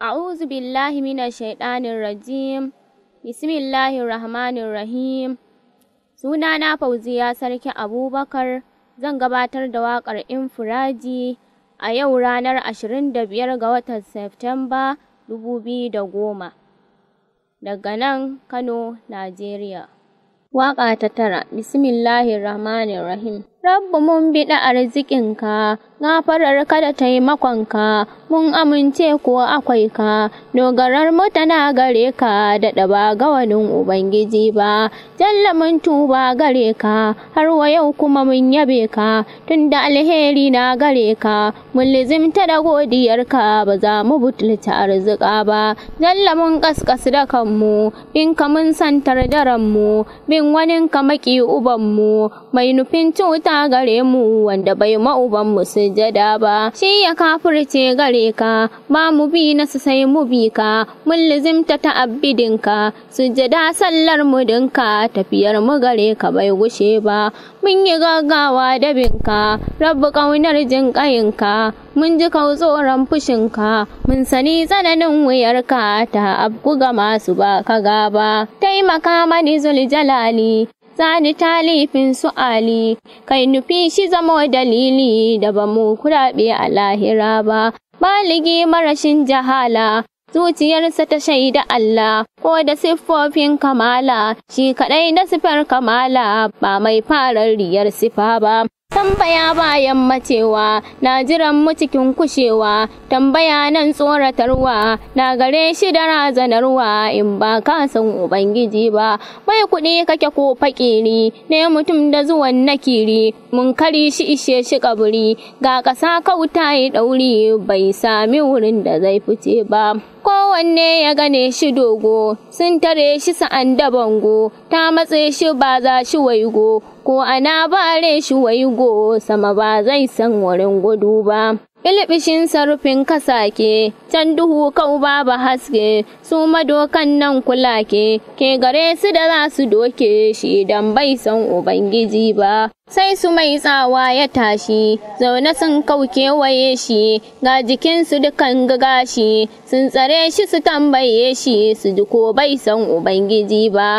A'udhu billahi minash shaitanir rajim. Bismillahir rahmanir rahim. Sunana Fauziya Sarki Abubakar. Zan gabatar da waƙar Infiraji a yau ranar 25 ga watan Satumba 2010. Daga nan Kano, Najeriya. Waƙa ta tara Bismillahir rahmanir rahim. Rabbu mun biɗa arzikinka, gafarar ka da taimakonka, mun amince kuwa akwai ka, dogarar mu tana gare ka daɗa ba gawanin Ubangiji ba, jalla mun tuba gare ka, har wa yau kuma mun yabe ka, tun da alheri na gare ka, mun lizimta da godiyar ka, ba za mu butulta arzika ba, jalla mun kaskas da kanmu, bin ka mun santar daren mu, bin waninka maki ubanmu, mai nufin cuta Na gare mu wanda bai ma'uban mu sujada ba shi ya kafirce gare ka ba mu bi na su sai mu bi ka mun lizimta ta ta'abbidinka sujada sallar mu dinka tafiyar mu gare ka bai gushe ba mun yi gaggawa dabinka rabu kaunar jin ka mun ji kautsoron fushinka mun sani tsananin wuyarka ta abku ga masu ba ka gaba taimaka mani zuljalali sani talifin su ali kai nufi shi zamo dalili da ba mu kuraɓe a lahira ba baligi marashin jahala zuciyarsa ta shaida Allah ko da siffofin kamala shi kaɗai na sifar kamala ba mai farar riyar sifa ba Tambaya bayan macewa, na jiran mu cikin kushewa, tambaya nan tsoratarwa, na gare shi da razanarwa in ba ka san Ubangiji ba, mai kuɗi kake ko fakiri, ne mutum da zuwan nakiri, mun kari shi ishe shi kaburi, ga ƙasa kauta yi ɗauri bai sami wurin da zai fice ba. kowanne ya gane shi dogo sun tare shi sa'an da bango ta matse shi ba za shi waigo ko ana bare shi wai go sama ba zai san wurin gudu ba Ilbishin sarufin kasake, can duhu kau babu haske, su madokan nan kula ke ke gare su da za su doke shi don bai san Ubangiji ba. Sai su mai tsawa ya tashi, zaune sun kau kewaye shi, ga jikinsu dukan gashi, sun tsare shi su tambaye shi su ji ko bai san Ubangiji ba.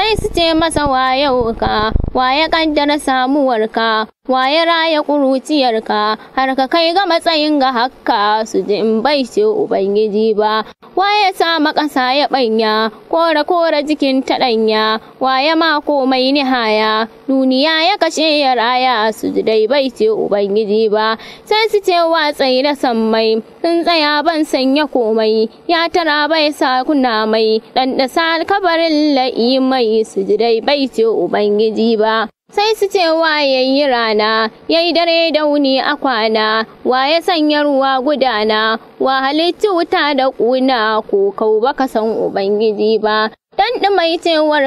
sai su ce masa wayauka, waye kaddar samuwarka, waye raya ƙuruciyarka har ka kai ga matsayin ga hakka su ji bai ce ubangiji ba waye sa makasa ya ɓanya kora kore jikin ta danya waye ma komai nihaya duniya ya kashe ya raya su ji dai bai ce ubangiji ba sai su ce wa tsaye sammai sun tsaya ban sanya komai ya tara bai sa kuna mai dan da kabarin la'i mai su ji dai bai ce ubangiji ba sai su ce wa ya yi rana ya yi dare da wuni a kwana wa ya sanya ruwa gudana wa halittu wuta da ƙuna ko kau baka san ubangiji ba dan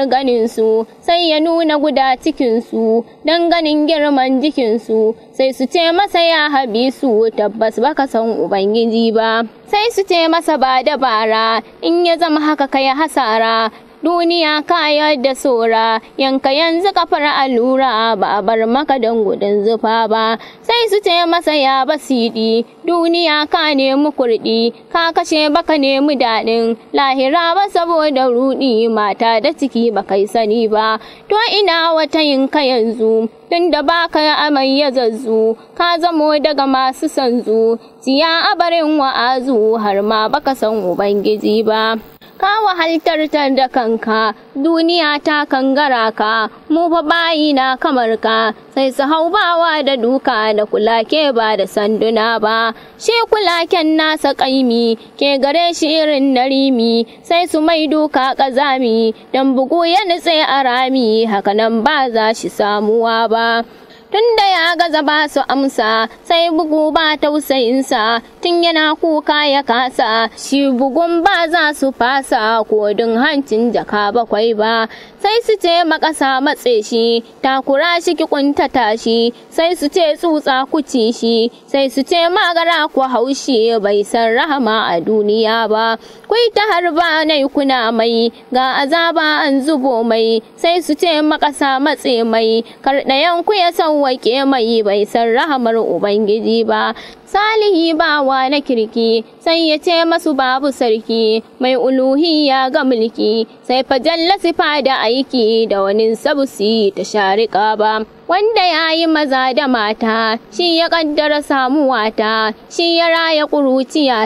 ganin su sai ya nuna guda cikinsu don ganin girman jikinsu sai su ce masa ya habi su tabbas baka san ubangiji ba sai su ce masa ba dabara in ya zama haka kai hasara duniya kayar da sora yanka yanzu kafar allura ba a bar maka don gudun zufa ba sai su ce masa ya basidi duniya ka nemi kurɗi ka kashe baka nemi daɗin lahira ba saboda ruɗi mata da ciki ba kai sani ba to ina wata yinka yanzu tunda baka amai ya zazzu ka zamo daga masu sanzu siya abarin wa'azu har ma baka san ubangiji ba ka wahaltar da kanka duniya ta kangara ka mu fa bayi na kamar ka sai su hau bawa da duka da kulake ba da sanduna ba shi kulaken nasa ƙa'imi ke gare shi irin narimi, sai su mai duka kazami dan bugu ya nutse a rami hakanan ba za shi samuwa ba tunda ya gaza ba su amsa sai bugu ba tausayinsa tun yana kuka ya kasa shi bugun ba za su fasa kodin hancin jaka bakwai ba sai su ce makasa matse shi takura shi ki kuntata shi sai su ce tsutsa ku ci shi sai su ce magara ku haushi bai san rahama a duniya ba kai ta harba nai kuna mai ga azaba an zubo mai sai su ce makasa matse mai karɗayan ku ya waƙe mai bai san rahamar ubangiji ba salihi ba wa na kirki sai ya ce masu babu sarki mai ya ga mulki sai fa jalla sifa da aiki da wani sabusi ta shariƙa ba wanda ya yi maza da mata shi ya kaddara ta, shi ya raya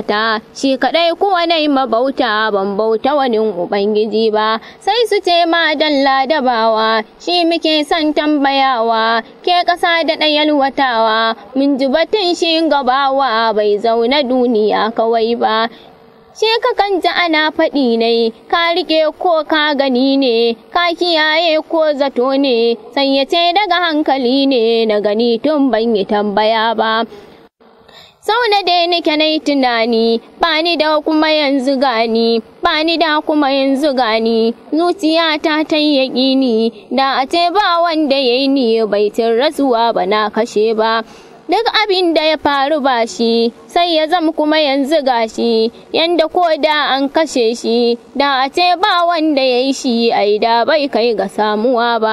ta. shi kaɗai kuwa yi mabauta ban bauta wani ubangiji ba sai su ce ma dan ladabawa shi muke son tambayawa ke ƙasa da ɗayan watawa mun ji batun shi gabawa bai zaune duniya kawai ba She ka kan ana faɗi ne, ka rike ko ka gani ne, ka kiyaye ko zato ne, ce daga hankali ne na gani tun ban yi tambaya ba. sau na dai nake na tunani ba ni da kuma yanzu gani ba ni da kuma yanzu gani zuciyata ta yi ni da a ce ba wanda ya yi ni baitin rasuwa ba na kashe ba duk abin da ya faru ba shi sai ya zama kuma yanzu ga shi yanda ko da an kashe shi da a ce ba wanda ya yi shi ayi da bai kai ga samuwa ba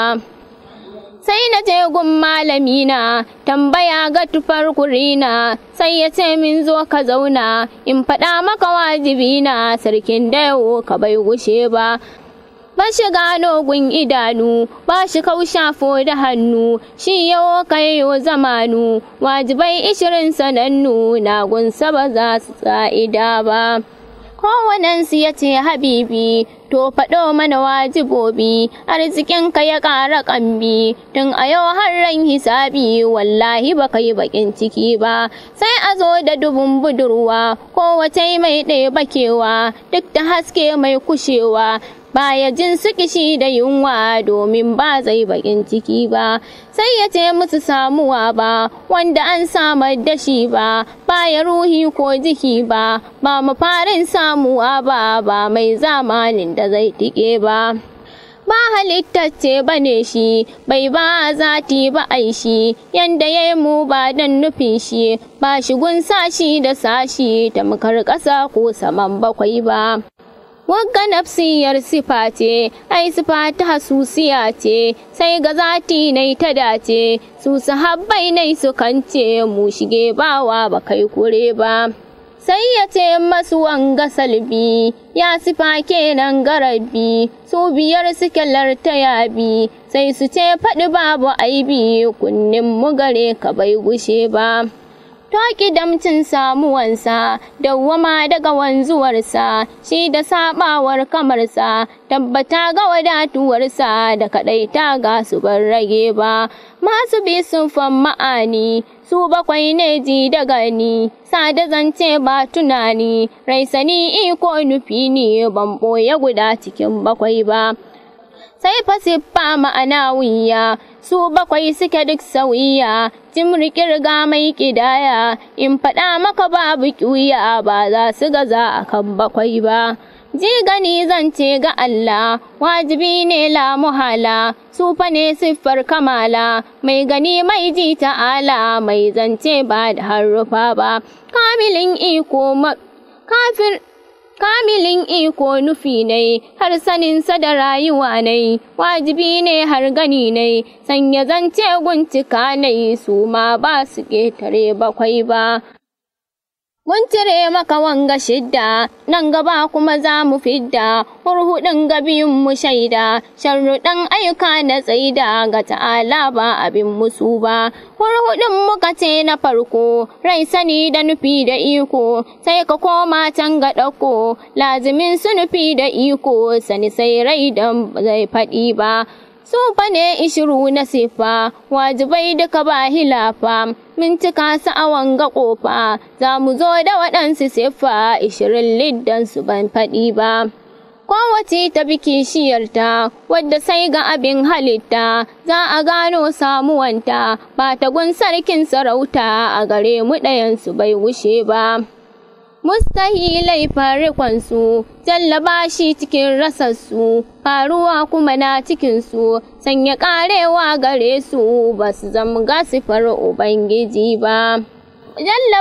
sai na je gun malamina tambaya ga tufar kurina sai ya ce min zo ka zauna in faɗa maka wajibi na sarkin dawo ka bai gushe ba ba shi gano gun idanu ba shi kaushafo da hannu shi yawo yo zamanu wajibai ishirin sanannu na gunsa ba za su tsa'ida ba kowanensu ya ce habibi to faɗo mana wajibobi arzikinka ya ƙara ƙambi tun a yau har ran hisabi wallahi ba ka yi baƙin ciki ba sai a zo da dubun budurwa kowace mai ɗaya bakewa duk da haske mai kushewa baya jin su shi da yunwa domin ba zai bakin ciki ba sai ya ce musu samuwa ba wanda an samar da shi ba baya ruhi ko jiki ba ba mu farin samuwa ba ba mai zamanin da zai tike ba ba halittacce ba ne shi bai ba zati ba aishi yanda ya yi mu ba don nufin shi ba shigun sashi da sashi tamkar ƙasa ko saman bakwai ba wagga nafsiyar sifa ce ai sifa ta hasusiya ce sai ga zati nai ta dace su sahabbai nai su kance mu shige bawa ba kai kure ba sai ya ce masu wanga salbi ya sifa kenan garabi su biyar suke lartaya bi sai su ce faɗi babu aibi kunnin mu gare ka bai gushe ba ta damcin samuwansa dawwama daga wanzuwarsa shi da sabawar kamarsa tabbata ga wadatuwarsa da kaɗai ta ga su bar rage ba masu bi sun ma'ani su bakwai ne ji da gani sada zance ba tunani raisani iko nufi ne ban ɓoye guda cikin bakwai ba sai fasiffa ma'ana wuya su bakwai suke duk sauyiya timri kirga mai kidaya in faɗa maka babu ƙuya ba za su gaza a kan bakwai ba ji gani zan ce ga Allah wajibi ne la muhala su fa ne siffar kamala mai gani mai ji ta'ala mai zance ba da harufa ba kamilin iko kafir kamilin iko nufi ne har saninsa da rayuwa ne wajibi ne har gani ne sanya zance guntuka ne su ma ba su ƙetare bakwai ba Mun cire maka wanga shidda, nan gaba kuma za mu fidda, hurhuɗin ga biyun mu shaida, sharruɗan aika na tsaida ga ta'ala ba abin musu ba. Hurhuɗin muka ce na farko, rai sani da nufi da iko, sai ka koma can ga ɗauko, lazimin su nufi da iko, sani sai rai da zai faɗi ba. su fa ne ishiru na sifa wajibai duka ba hilafa su sa'awan ga kofa za mu zo da waɗansu sifa ishirin liddan su ban faɗi ba kowace ta bi kishiyarta wadda sai ga abin halitta za a gano samuwanta ba ta gun sarkin sarauta a gare mu ɗayansu bai wuce ba mustahilai farikonsu jallaba shi cikin rasarsu faruwa kuma na cikinsu sanya karewa gare su ba su zama gasifar ubangiji ba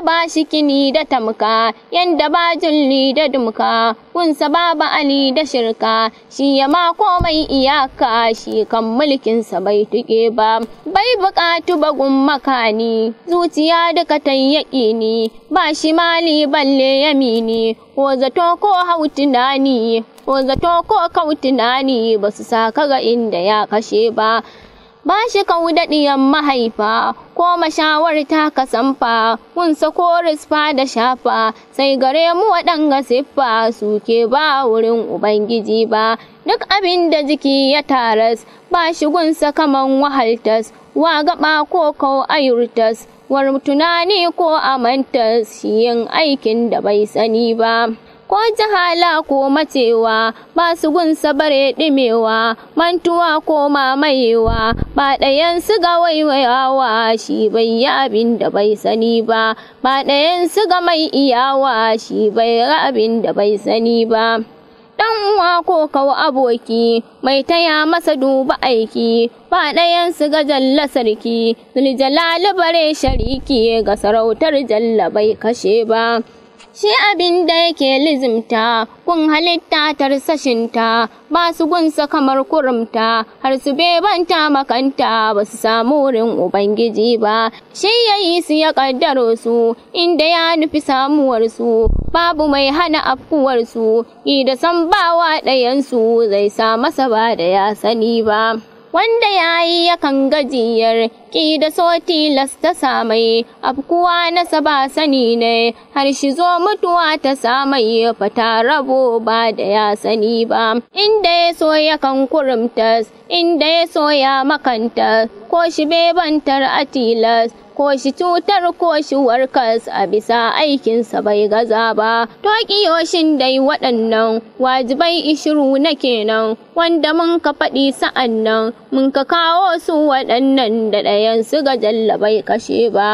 ba shi kini da tamka yanda ba julli da dumka kunsa babu ali da shirka shi ya ma komai iyaka shi kan mulkin sa bai tuke ba bai buƙatu bagun makani zuciya duka ta ni ba shi mali balle yamini ko zato ko hau tunani ko zato ko kau tunani ba su saka ga inda ya kashe ba ba shi ka kaudaɗiyan mahaifa ko mashawarta ka samfa mun sako rispa da shafa sai gare mu waɗanga siffa suke ba wurin ubangiji ba duk abin da jiki ya taras ba shi gunsa kaman wahaltas wa gaba ko kau ayurtas war tunani ko amantas shi yin aikin da bai sani ba ko jihala ko macewa ba su gunsa bare mantuwa ko mamayewa ba ɗayan su ga waiwayawa shi bai yi abin da bai sani ba ba ɗayan su ga mai iyawa shi bai yi abin da bai sani ba dan uwa ko kawo aboki mai taya masa duba aiki ba ɗayan su ga jalla sarki zuljalali bare shariki ga sarautar jalla bai kashe ba shi abin da yake lizimta kun halitta sashinta. ba su gunsa kamar kurumta har su bebanta makanta ba su samu wurin ubangiji ba shi ya yi su ya kaddaro su inda ya nufi samuwarsu babu mai hana afkuwarsu da san bawa ɗayansu zai sa masa ba da ya sani ba wanda ya yi yakan gajiyar yaƙi da so tilas ta samai afkuwa nasa ba sani ne har shi zo mutuwa ta samai fata rabo ba da ya sani ba inda ya so ya kan kurumtas inda ya so ya makanta ko shi bebantar a tilas ko shi cutar ko shi warkas a bisa aikinsa bai gaza ba to dai waɗannan wajibai ishiru na kenan wanda mun ka faɗi sa'an nan mun ka kawo su waɗannan da ɗaya yansu ga jalla bai kashe ba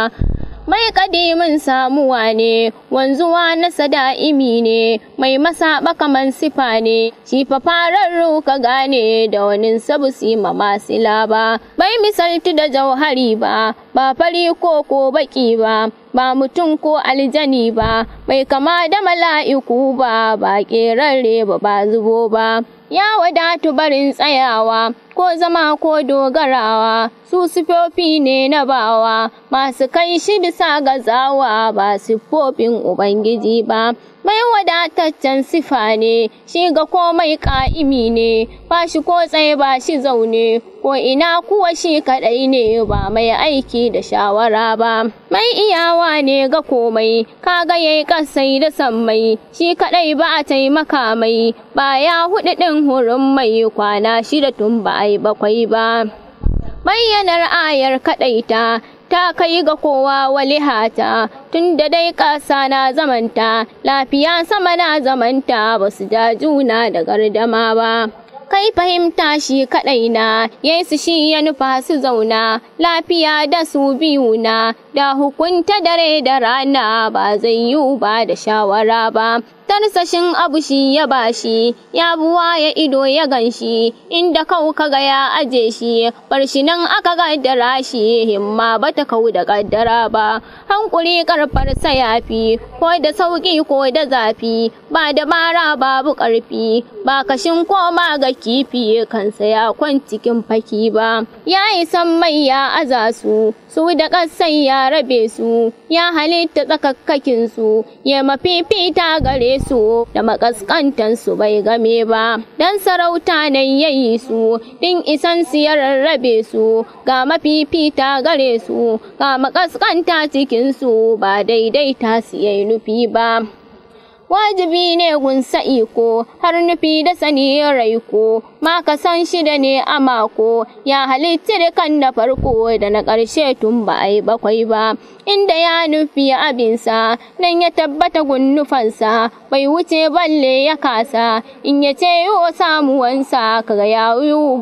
mai kadimin samuwa ne wanzuwa na sada'imi ne mai masa kaman sifa ne shi fa farar ka gane da wani sabu si masu ba bai misalti da jauhari ba ba fari ko ko baki ba ba mutum ko aljani ba bai kama da mala'iku ba ba kerarre ba ba zubo ba ya wadatu barin tsayawa ko zama ko dogarawa su sufofi ne na bawa masu kai shi bisa ga zawa ba siffofin ubangiji ba mai wadataccen sifa ne shi ga komai ka'imi ne ba shi ko tsaye ba shi zaune ko ina kuwa shi kaɗai ne ba mai aiki da shawara ba mai iyawa ne ga komai kaga yayi kasai da sammai shi kaɗai ba a taimaka mai ba ya huɗu ɗin hurin mai kwana shida tun ba bakwai bakwai ba bayyanar ayar kaɗaita, ta kai ga kowa walihata tun da dai ƙasa na zamanta lafiya sama na zamanta ba su da juna da gardama ba kai fahimta shi kaɗai na su shi ya nufa su zauna lafiya da su biyu na da hukunta dare da rana ba zai yiwu ba da shawara ba tarsashin abu shi ya bashi ya buwa ya ido ya ganshi inda kau kaga ya aje shi bar shi nan aka gaddara shi himma bata kau da gaddara ba hankuri karfar sa yafi ko da sauki ko da zafi ba da mara babu karfi ba kashin koma ga kifi kansa ya kwan cikin faki ba ya san mai ya aza su su da kasai ya ya rabe su ya halitta tsakakkakin su ya mafifita gare su da makaskantan su bai game ba dan sarauta nan yayi su din isan su ya su ga mafifita gare su ga makaskanta cikin su ba daidaita su yayi nufi ba wajibi ne gunsa iko har nufi da sani raiko ma ka san shida ne a mako ya halitti kan da farko da na ƙarshe tun ba a yi bakwai ba inda ya nufi abinsa nan ya tabbata gunnufansa bai wuce balle ya kasa in ya ce yi samuwansa kaga ya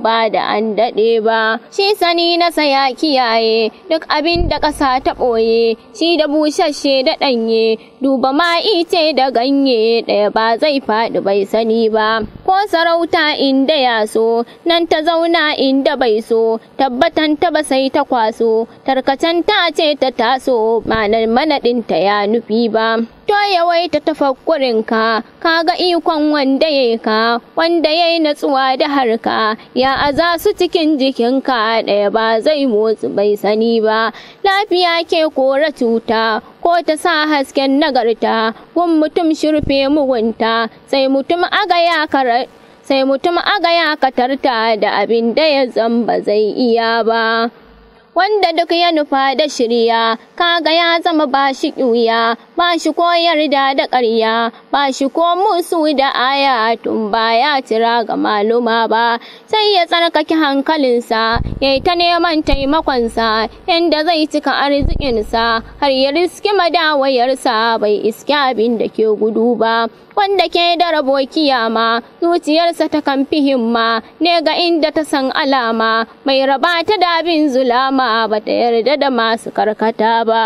ba da an daɗe ba shi sani na saya kiyaye duk abin da ƙasa ta ɓoye shi da busasshe da ɗanye duba ma ice da ganye kunye ɗaya ba zai faɗi bai sani ba ko sarauta inda ya so nan ta zauna inda bai so tabbatan ta ba sai ta kwaso tarkacen ta ce ta taso ma'anar ta ya nufi ba to yawaita tafakkurin ka ga ikon wanda ya ka wanda yayi natsuwa da harka ya aza su cikin jikin ka, ɗaya ba zai motsi bai sani ba lafiya ke kora cuta ko ta sa hasken nagarta gun mutum shirfe mugunta sai mutum aga ya sai mutum aga ya katarta da abin da ya zamba zai iya ba wanda duk ya nufa da shirya kaga ya zama ba shi bashi ba shi ko yarda da ƙarya ba shi ko musu da aya tun ba ya tira ga maluma ba sai ya tsarkake hankalinsa ya ta neman taimakonsa yadda zai cika arzikinsa har ya riski madawayarsa bai iske abin da ke gudu ba wanda ke da rabo kiyama zuciyarsa ta kan fi himma ne ga inda ta san alama mai raba ta da abin zulama ba ta yarda da masu karkata ba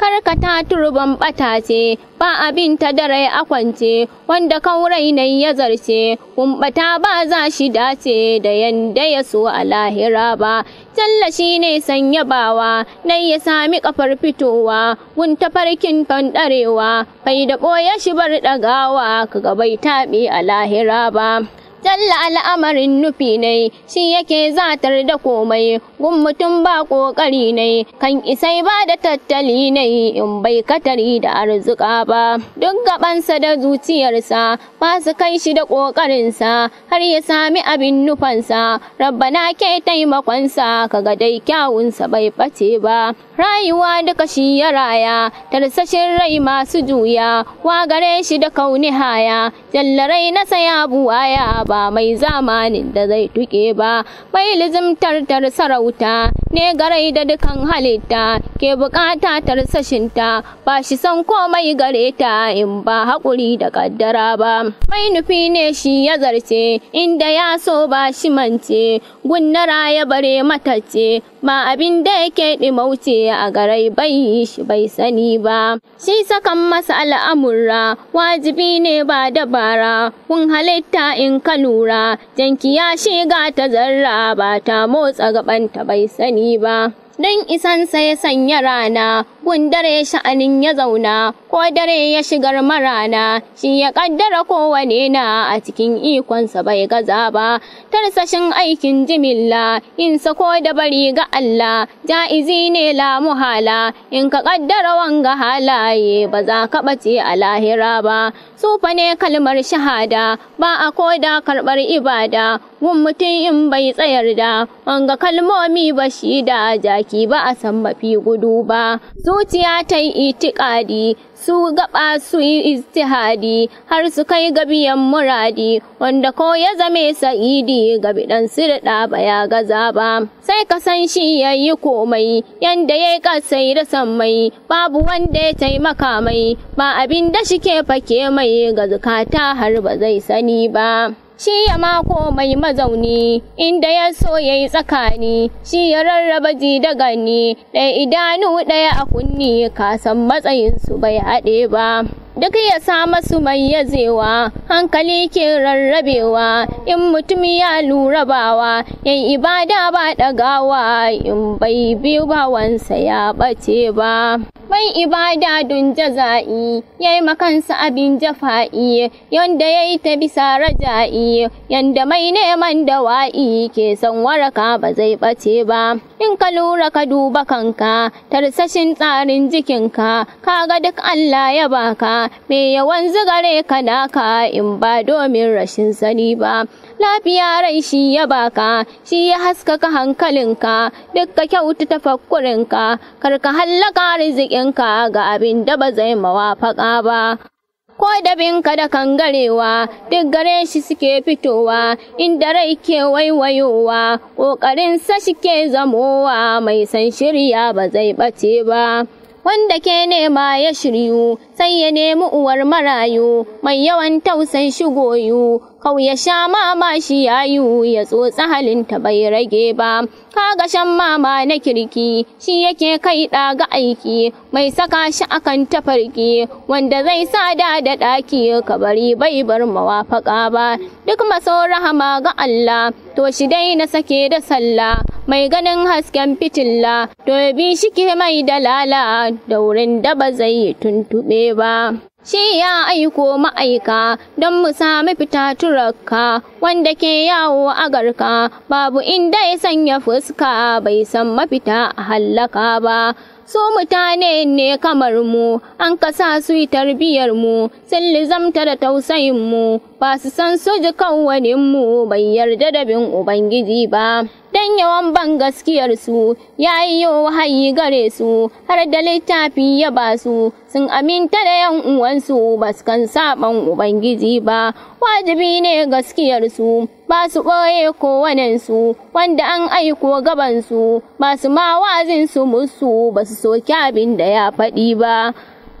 karkata turban bata ce ba abin ta da rai a kwance wanda kaurai nan ya zarce kumbata ba za shi dace da yanda ya so a lahira ba tallashi ne sanya bawa nan ya sami kafar fitowa gun tafarkin fanɗarewa. Bai da boye shi bar dagawa ka gabai taɓe a lahira ba Talla al'amarin nufi ne, shi yake zatar da komai, gun mutum ba ƙoƙari ne, kan isai ba da tattali ne, in bai katari da arzuka ba. Duk gabansa da zuciyarsa, ba su kai shi da ƙoƙarinsa, har ya sami abin nufansa, rabbana ke taimakonsa, Ka ga dai kyawunsa bai ɓace ba. Rayuwa duka shi ya raya, tarsashin rai masu juya, wa gare shi da kauni haya, jallarai na saya buwaya. ba mai zamanin da zai tuke ba mai lizimtar tar sarauta ne garai da dukan halitta ke bukata tar sashinta ba shi san komai gare ta in ba haƙuri da kaddara ba mai nufi ne shi ya zarce inda ya so ba shi mance gunnara ya bare matacce ma abin da yake ɗimauce a garai bai shi bai sani ba shi sakan masa al'amura wajibi ne ba dabara kun halitta in ka lura janki ya shiga ta zarra ba ta motsa gabanta bai sani ba don isansa ya sanya rana gun dare sha'anin ya zauna ko dare ya shigar marana shi ya kaddara kowane na a cikin ikonsa bai gaza ba tarsashin aikin jimilla insa ko da bari ga Allah ja'izi ne la muhala in ka kaddara wanga halaye ba za ka ɓace a lahira ba Sufa ne kalmar shahada ba a koda karɓar ibada gun mutum in bai tsayar da wanga kalmomi ba shi da jaki ba a san mafi gudu ba zuciya ta yi itikadi su gaba su yi istihadi har su kai ga biyan muradi wanda ko ya zame sa'idi ga bidan sirda ba ya gaza ba sai ka san shi ya yi komai yanda ya kasai da mai, babu wanda ya taimaka mai ba abin da shi ke fake mai ga zukata har ba zai sani ba shi ya mako mai mazauni inda ya so ya yi tsakani shi ya rarraba ji da gani ɗaya idanu ɗaya a kunni kasan san matsayinsu bai haɗe ba duk ya sa masu yazewa, hankali ke rarrabewa in mutum ya lura bawa yan ibada ba ɗagawa in bai biyu wansa ya ɓace ba mai ibada don jaza'i ya yi makansa abin jafa'i yanda ya yi ta bisa raja'i yanda mai neman dawa'i ke son waraka ba zai ɓace ba in ka lura ka duba kanka tarsashin tsarin jikinka ka ga duk Allah ya baka me me wanzu gare ka naka in ba domin rashin sani ba lafiya rai shi ya baka shi ya haskaka hankalinka dukka kyautu tafakkurinka kar ka hallaka rizikinka ga abin da ba zai mawafaka ba ko dabinka da kangarewa duk gare shi suke fitowa inda rai ke waiwayowa ƙoƙarinsa shi ke zamowa mai san shirya ba zai ɓace ba wanda ke nema ya shiryu sai ya nemi uwar marayu mai yawan tausan shigoyu kau ya sha mama shi yayu ya tsotsi halinta bai rage ba kaga shan mama na kirki shi yake kai ɗa ga aiki mai saka shi akan tafarki wanda zai sa da da ɗaki kabari bai bar mawafaka ba duk maso rahama ga Allah to shi dai na sake da sallah mai ganin hasken fitilla to bi shi ke mai dalala da wurin da ba zai tuntuɓe ba shi ya aiko ma'aika don mu sami fita turarka wanda ke yawo a garka babu inda ya sanya fuska bai san mafita a hallaka ba su mutane ne kamar mu an kasa su yi tarbiyar mu sun lizamta da tausayin mu ba su san su ji kawwanin mu bai yarda da bin ubangiji ba dan yawan ban gaskiyar su yayi yo wahayi gare su har da littafi ya ba su sun aminta da yan uwansu ba su kan saban ubangiji ba wajibi ne gaskiyar su ba su ɓoye su, wanda an aiko gabansu ba su ma wazin su musu ba su soki abin da ya faɗi ba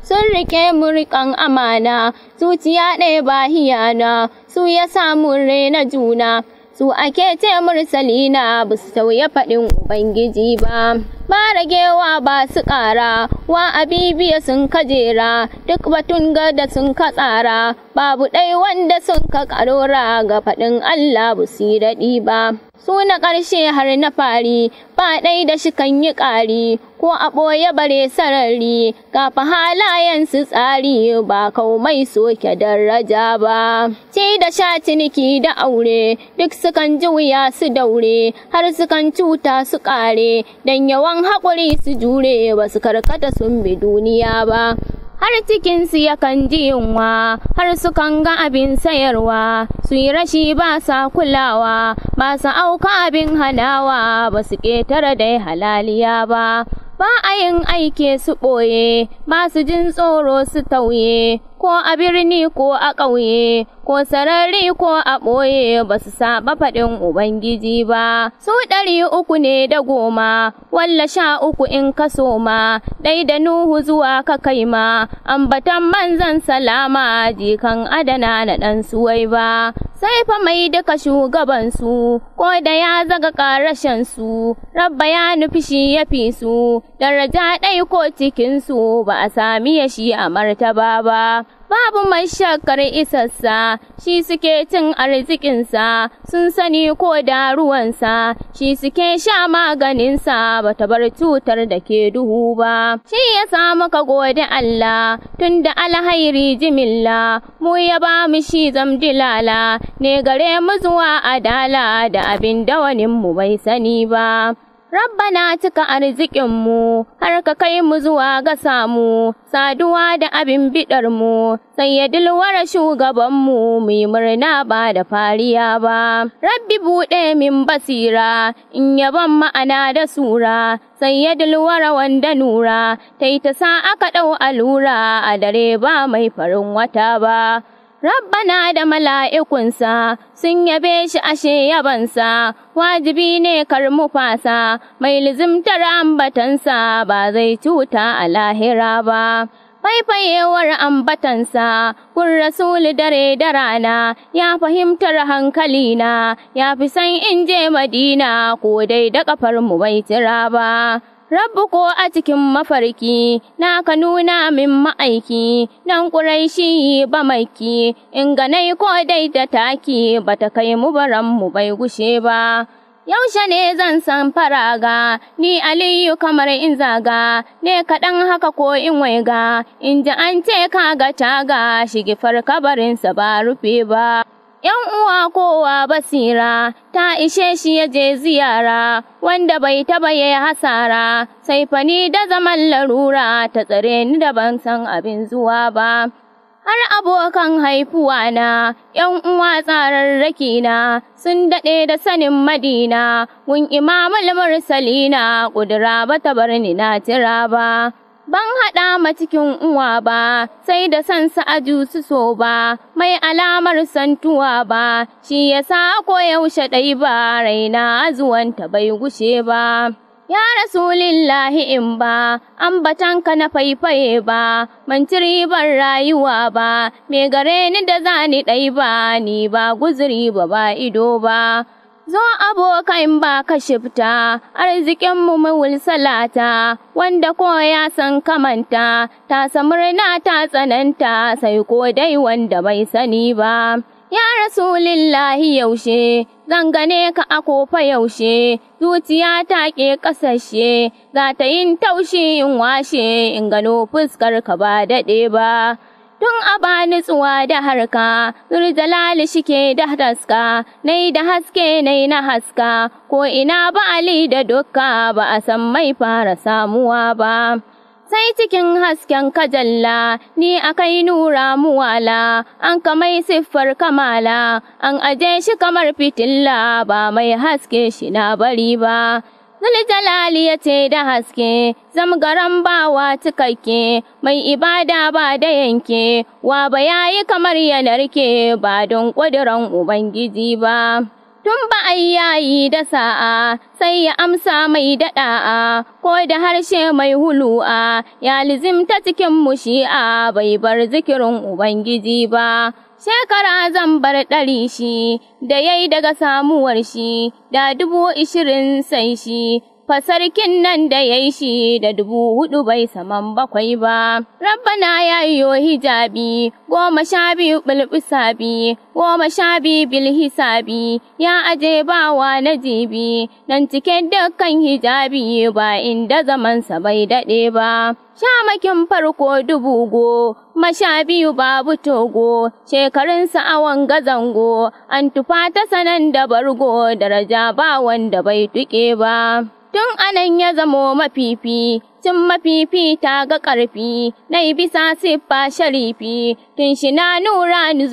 sun rike murkan amana zuciya ɗaya ba hiyana su ya samu rena juna su ake ce mursalina ba su sauya faɗin ubangiji ba ba ragewa ba su ƙara wa abibiya sun kajera duk batun gada sun ka tsara babu ɗai wanda sun ka ƙarora ga faɗin allah ba su yi daɗi ba su na ƙarshe har na fari ba ɗai da shi kan yi ƙari ko a ɓoye bare sarari kafa halayen su tsari ba kaumai soke daraja ba ce da sha ciniki da aure duk sukan ji wuya su daure har su kan cuta su ƙare don yawan haƙuri su jure ba su karkata sun bi duniya ba har cikinsu yakan ji yunwa har su kan ga abin sayarwa su yi rashi ba sa kulawa ba sa auka abin halawa ba su ƙetare da halaliya ba ba a yin aike su ɓoye ba su jin tsoro su tauye ko a birni ko a ƙauye ko sarari ko a ɓoye ba su saba faɗin Ubangiji ba. Su ɗari uku ne da goma, walla sha uku in ka ma. ɗai da Nuhu zuwa ka kai ma, ambatan manzan salama jikan adana na ɗan suwai ba. Sai fa mai duka shugabansu, ko da ya zaga ƙarashensu, rabba ya nufi shi ya fi su, daraja ɗai ko cikinsu ba a sami ya shi a martaba ba. babu mai shakar isassa shi suke cin arzikinsa sun sani ko da ruwansa shi suke sha maganinsa ba ta bar cutar da ke duhu ba shi ya samu ka gode Allah tun da alhairi jimilla mu ya ba mu shi zamdilala ne gare mu zuwa adala da abin dawaninmu bai sani ba Rabbana cika arzikinmu, har ka kai mu zuwa ga samu, saduwa da abin bidarmu, sai ya dilwara shugabanmu mu yi murna ba da fariya ba. Rabbi buɗe min basira, in yaban ma'ana da sura, sai ya dilwara wanda nura, ta yi ta sa aka ɗau allura a dare ba mai farin wata ba. Rabbana da mala'ikunsa sun yabe shi ashe yabansa, wajibi ne kar mu fasa, mai lizimtar ambatansa ba zai cuta a lahira ba. faifayewar ambatansa, kun rasuli dare da rana, ya fahimtar hankalina, ya fi san in je Madina ko dai da kafar mu bai tira ba. Rabbu ko a cikin mafarki, na ka nuna min ma'aiki, nan ƙuraishi ba maiki, in ganai ko dai da taki, ba ta kai mu baran mu bai gushe ba. Yaushe ne zan san faraga, ni Aliyu kamar in zaga, ne kaɗan haka ko in waiga, in ji an ce ka ga taga, shigifar kabarinsa ba rufe ba. ‘Yan uwa kowa basira ta ishe shi ya je ziyara, wanda bai taba ya hasara, sai fani da zaman larura ta tsare ni da ban san abin zuwa ba. Har abokan haifuwa na, ‘yan uwa tsararraki na, sun daɗe da sanin madina, mun imamul mursalina, ƙudura ba ta bar ni na tira ba. ban haɗa ma cikin uwa ba, sai da san sa'aju su so ba, mai alamar santuwa ba, shi ya sa ko yaushe ɗai ba, raina zuwanta bai gushe ba. Ya Rasulillahi in ba, an ka na faifaye ba, ban ribar rayuwa ba, me gare ni da zani ɗai ba, ni ba guzuri ba ba ido ba. Zo abokan ba ka shifta, arzikinmu mawul salata, wanda ko ya san kamanta, ta samurna ta tsananta, sai ko dai wanda bai sani ba. Ya Rasulillahi yaushe, zan gane ka a kofa yaushe, zuciya ta ke ƙasashe, za ta yin taushi in washe, in gano fuskar ka ba daɗe ba. tun a ba nutsuwa da harka zurjalali shike da haska nai da haske nai na haska ko ina ba ali da dukka ba a san mai fara samuwa ba sai cikin hasken kajalla ni akai nura muwala an kamai siffar kamala an aje shi kamar fitilla ba mai haske shi na bari ba Zuljalali ya ce da haske, zamgaran bawa cikakke, mai ibada ba da yanke, wa ba ya yi kamar ya narke ba don ƙudiran Ubangiji ba. Tun ba a yayi da sa'a, sai ya amsa mai daɗa'a, ko da harshe mai hulu'a, ya lizimta cikin mushi'a bai bar zikirin Ubangiji ba. shekara zan bar ɗari shi da yayi daga samuwar shi da dubu ishirin sai shi fa sarkin nan da yayi shi da dubu hudu bai saman bakwai ba rabbana yo hijabi goma sha biyu bulbusabi goma sha biyu bil hisabi ya aje bawa na jibi nan cike dukkan hijabi ba inda zamansa bai daɗe ba shamakin farko dubu go masha biyu babu togo shekarunsa awon gazango an tufa ta sanan da bargo daraja ba wanda bai tuke ba tun anan ya zamo mafifi tun mafifi ta ga ƙarfi na yi bisa siffa sharifi tun shi na nura ni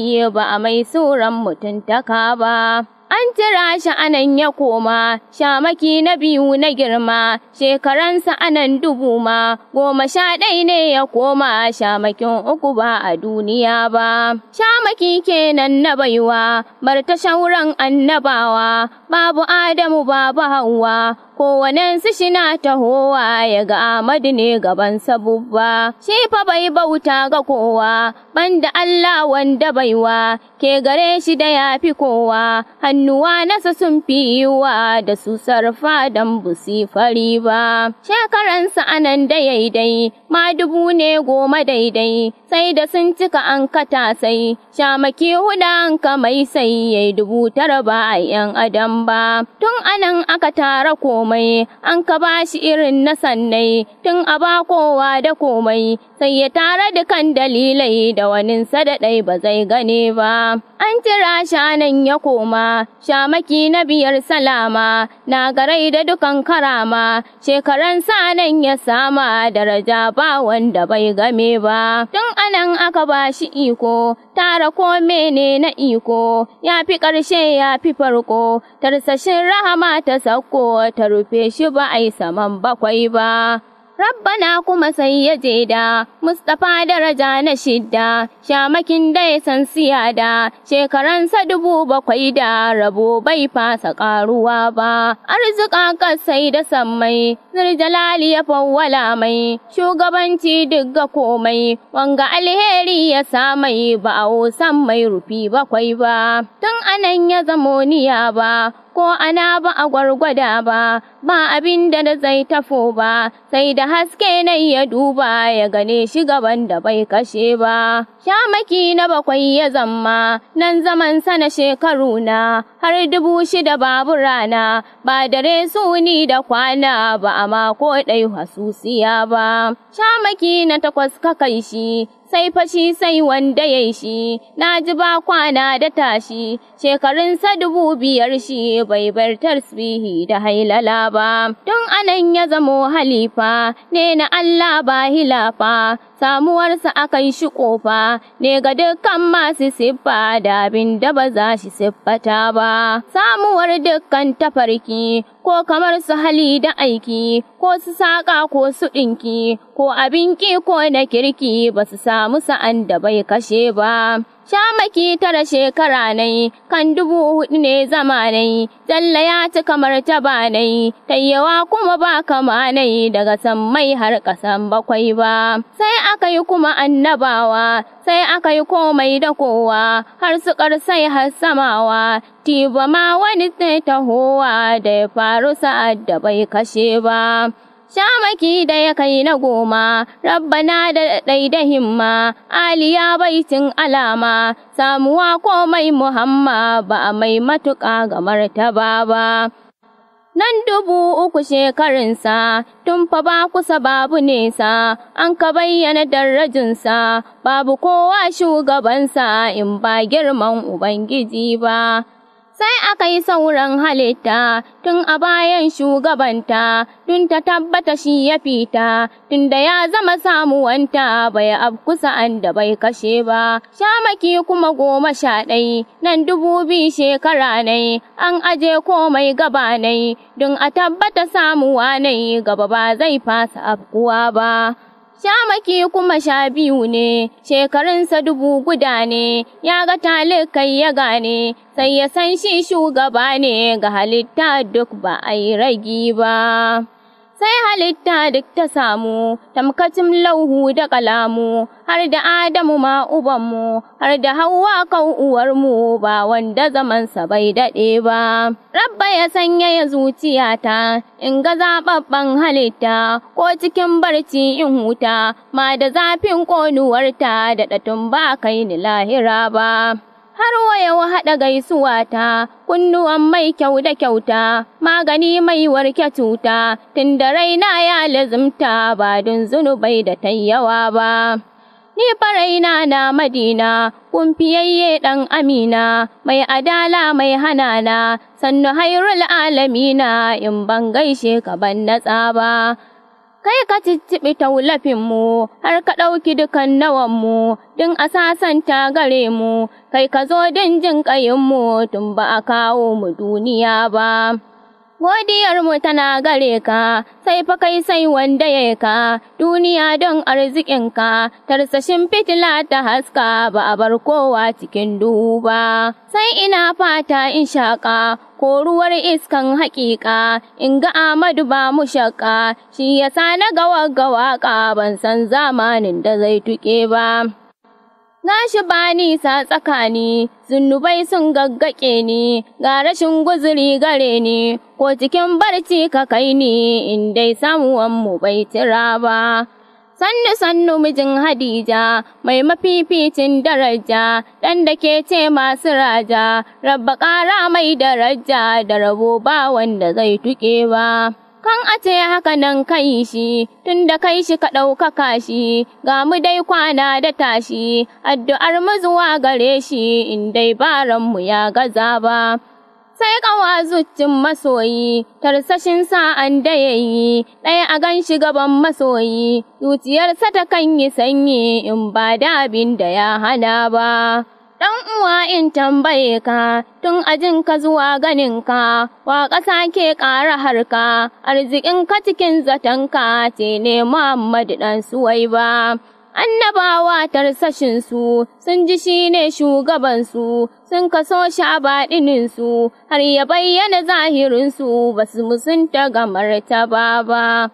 iya ba a mai suran mutuntaka ba An tira shi anan ya koma, shamaki na biyu na girma, shekaransa anan dubu ma, goma sha ɗai ne ya koma, shamakin uku ba a duniya ba. Shamaki kenan na baiwa, bar ta shauran annabawa, babu Adamu babu Hauwa, kowanensu shina tahowa ya ga Ahmadu ne gaban sabubba, shi fa bai bauta ga kowa, banda Allah wanda baiwa, ke gare shi da ya fi kowa, hannuwa nasa sun fi yiwa da su sarfa don busi fari ba. Shekaransa anan da dai ma dubu ne goma daidai, sai da sun cika an kata sai, shamaki huda an kamai sai, yayi dubu tara ba a ‘yan adam ba, tun anan aka tara koma. komai an ka shi irin na sannai tun a ba kowa da komai sai ya tara dukan dalilai da wani sadadai ba zai gane ba an tira shanan ya koma, shamaki na biyar salama, na garai da dukan karama, shekaran sanan ya sama daraja ba wanda bai game ba. Tun anan aka ba shi iko, tara ko mene na iko, ya fi ƙarshe ya fi farko, tarsashin rahama ta sauko ta rufe shi ba a yi saman bakwai ba. Rabbana kuma sai ya je da Mustapha daraja na shidda, shamakin da ya san siya da shekaransa dubu bakwai da rabo bai fasa ƙaruwa ba. Arzika kasai da sammai, zirjalali ya fawwala mai, shugabanci duk ga komai, wanga alheri ya samai ba a mai rufi bakwai ba. Tun anan ya zamo niya ba, ko ana ba a gwargwada ba ba abin da na zai tafo ba sai da haske na ya duba ya gane shi gaban da bai kashe ba shamaki na bakwai ya zamma nan zaman sana shekaru na har dubu shida babu rana ba dare ni da kwana ba a mako ɗai hasusiya ba shamaki na takwas ka kai shi sai fashi sai wanda ya shi na ji ba kwana da tashi Shekarun sa dubu biyar shi bai bar tasbihi da hailala ba tun anan ya zamo halifa ne na Allah ba hilafa samuwarsa yi shi ƙofa ne ga dukkan masu siffa da abin da ba za shi siffata ba. Samuwar dukkan tafarki ko kamar su hali da aiki ko su saƙa ko su ɗinki ko abin ko na kirki ba su samu sa'an da bai kashe ba. Shamaki tara shekara na kan dubu hudu ne zama na zalla ya ci kamar taba na yi, tayyawa kuma ba kama na yi daga sammai har ƙasan bakwai ba. Sai aka yi kuma annabawa, sai aka yi komai da kowa, har su ƙarsai har samawa, tiba ma wani tahowa da ya faru sa'ad da bai kashe ba. shamaki da ya kai na goma rabbana da da himma aliya baitin alama samuwa komai muhamma ba a mai matuƙa ga martaba ba nan dubu uku shekarunsa tun fa ba kusa babu nesa an ka bayyana darajinsa babu kowa shugabansa in ba girman ubangiji ba sai aka yi sauran halitta tun a bayan shugabanta tun ta tabbata shi ya fita tun da ya zama samuwanta bai abkusa an da bai kashe ba shamaki kuma goma sha ɗai nan dubu biyu shekara nai an aje komai gaba nai don a tabbata samuwa nai gaba ba zai fasa afkuwa ba Shamaki kuma sha biyu ne, shekarunsa dubu guda ne, ya ga talikai ya gane, sai ya san shi shugaba ne ga halitta duk ba a yi ragi ba. sai halitta duk ta samu tamkacin lauhu da kalamu har da adamu ma ubanmu har da hawa kan uwarmu ba wanda zamansa bai daɗe ba rabba ya sanya ya zuciyata in ga zaɓaɓɓen halitta ko cikin barci in huta ma da zafin ƙonuwarta da ɗatun ba kai ni lahira ba har waya haɗa gaisuwa ta, kunnuwan mai kyau da kyauta, magani mai warke cuta, tun da raina ya lazimta ba don zunubai da ta yawa ba. Ni faraina na madina, kumfiyayye ɗan amina, mai adala mai hanana, sannu hairul alamina in ban gaishe ka ban na tsaba. kai ka cicciɓi taulafinmu har ka ɗauki dukan nawanmu din a sasanta gare mu kai ka zo din jin ƙayinmu tun ba a kawo mu duniya ba. godiyarmu tana gare ka, sai fa kai sai wanda ya ka, duniya don arzikinka, tarsashin fitila ta haska ba a bar kowa cikin duhu ba. Sai ina fata in shaƙa, koruwar iskan haƙiƙa, in ga Amadu ba mu shaƙa, shi yasa na gawa ga waƙa ban san zamanin da zai tuƙe ba. Na shi ba nisa tsakani, zunubai sun gaggake ni, ga rashin guzuri gare ni, ko cikin barci ka kai ni, in dai samuwan mu bai tira ba. Sannu sannu mijin Hadija, mai mafificin daraja, ɗan da ke ce masu raja, rabba ƙara mai daraja, da rabo ba wanda zai tuƙe ba. kan a ce haka nan kai shi tun da kai shi ka ɗaukaka shi ga mu dai kwana da tashi addu'ar mu zuwa gare shi in dai baranmu ya gaza ba sai ƙawa zuccin masoyi tarsashin sa'an da ya yi ɗaya a gan shi gaban masoyi zuciyarsa ta kan yi sanyi in ba da abin da ya hana ba Ɗan uwa in tambaye ka, tun ajin ka zuwa ganin ka, wa ƙasa ke ƙara harka, arzikin ka cikin zaton ka ce ne Muhammadu ɗan suwai ba. Annabawa su sun ji shi ne shugabansu, sun kaso shi a har ya bayyana zahirinsu ba su musunta ga martaba ba.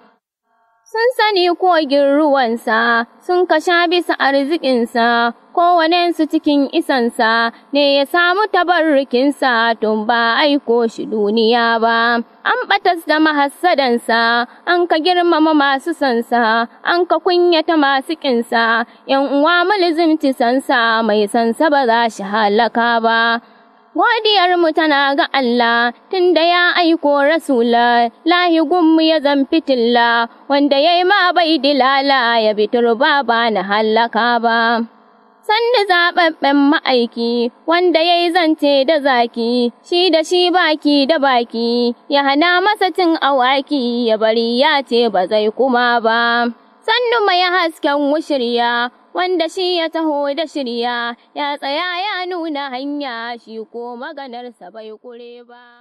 sun sani kogin ruwansa, sun kasha bisa arzikinsa, kowanensu cikin isansa, ne ya samu tabarrikinsa tun ba aiko shi duniya ba. An batas da mahassadansa, an ka girmama masu sansa, an ka kunyata masu ƙinsa, ‘yan uwa mulzimci sansa, mai sansa ba za shi halaka ba. godiyarmu tana ga Allah tunda ya aiko rasula lahi gunmu ya zan fitilla wanda ya yi ma bai dilala ya bitur ba ba na hallaka ba. Sanda zaɓaɓɓen ma'aiki wanda ya yi zance da zaki shi da shi baki da baki ya hana masa cin awaki ya bari ya ce ba zai kuma ba. Sannu mai hasken wushirya wanda shi ya taho da shirya ya tsaya ya nuna hanya shi ko maganarsa bai kure ba